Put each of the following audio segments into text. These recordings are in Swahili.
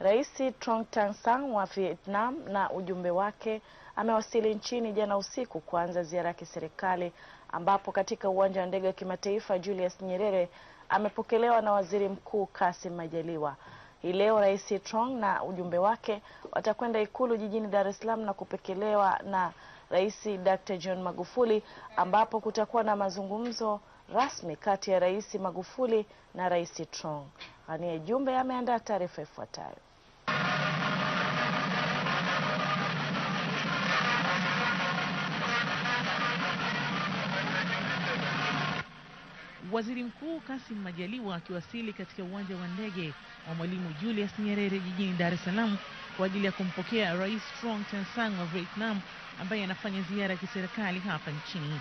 Rais Trong Tan Sang wa Vietnam na ujumbe wake amewasili nchini jana usiku kuanza ziara ya kiserikali ambapo katika uwanja wa ndege wa kimataifa Julius Nyerere amepokelewa na Waziri Mkuu Kassim Majaliwa. Hii leo Rais Trong na ujumbe wake watakwenda Ikulu jijini Dar es Salaam na kupokelewa na Rais Dr. John Magufuli ambapo kutakuwa na mazungumzo rasmi kati ya Rais Magufuli na Rais Trong. Ghania Jumbe ameandaa taarifa ifuatayo. Waziri Mkuu Kassim Majaliwa akiwasili katika uwanja wa ndege wa Mwalimu Julius Nyerere jijini Dar es Salaam kwa ajili ya kumpokea Rais Trong Tan Sang wa Vietnam ambaye anafanya ziara ya kiserikali hapa nchini.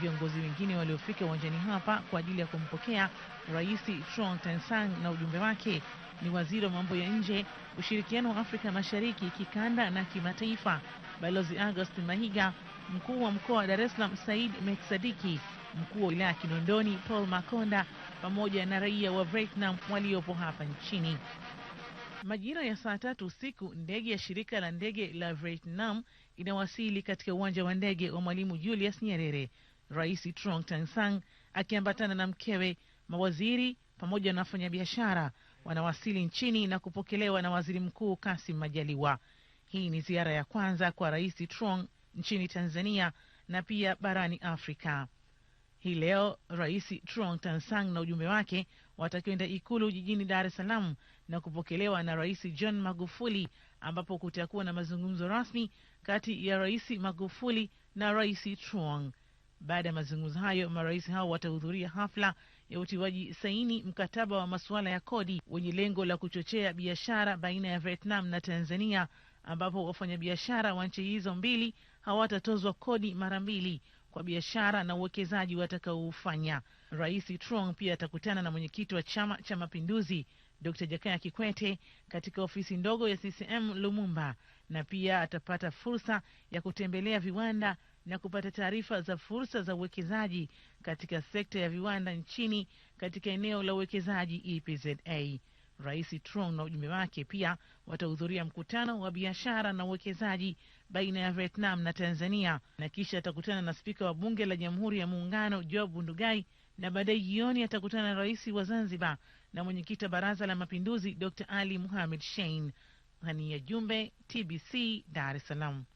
Viongozi wengine waliofika uwanjani hapa kwa ajili ya kumpokea Rais Trong Tan Sang na ujumbe wake ni waziri wa mambo ya nje, ushirikiano wa Afrika Mashariki, kikanda na kimataifa, Balozi August Mahiga, mkuu wa mkoa wa Dar es Salaam Said Meksadiki mkuu wa wilaya ya Kinondoni Paul Makonda pamoja na raia wa Vietnam waliopo hapa nchini. Majira ya saa tatu usiku ndege ya shirika la ndege la Vietnam inawasili katika uwanja wa ndege wa Mwalimu Julius Nyerere, Rais Trong Tan Sang akiambatana na mkewe, mawaziri pamoja na wafanyabiashara wanawasili nchini na kupokelewa na Waziri Mkuu Kasim Majaliwa. Hii ni ziara ya kwanza kwa Rais Trong nchini Tanzania na pia barani Afrika. Hii leo Rais Truong Tansang na ujumbe wake watakwenda Ikulu jijini Dar es Salaam na kupokelewa na Rais John Magufuli, ambapo kutakuwa na mazungumzo rasmi kati ya Rais Magufuli na Rais Truong. Baada ya mazungumzo hayo, marais hao watahudhuria hafla ya utiwaji saini mkataba wa masuala ya kodi wenye lengo la kuchochea biashara baina ya Vietnam na Tanzania, ambapo wafanyabiashara wa nchi hizo mbili hawatatozwa kodi mara mbili kwa biashara na uwekezaji watakaoufanya. Rais Trong pia atakutana na mwenyekiti wa Chama cha Mapinduzi d Jakaya Kikwete katika ofisi ndogo ya CCM Lumumba, na pia atapata fursa ya kutembelea viwanda na kupata taarifa za fursa za uwekezaji katika sekta ya viwanda nchini katika eneo la uwekezaji EPZA. Rais Trong na ujumbe wake pia watahudhuria mkutano wa biashara na uwekezaji baina ya Vietnam na Tanzania, na kisha atakutana na spika wa bunge la Jamhuri ya Muungano Job Ndugai, na baadaye jioni atakutana na rais wa Zanzibar na mwenyekiti wa Baraza la Mapinduzi Dr Ali Muhamed Shein. Hania Jumbe, TBC, Dar es Salaam.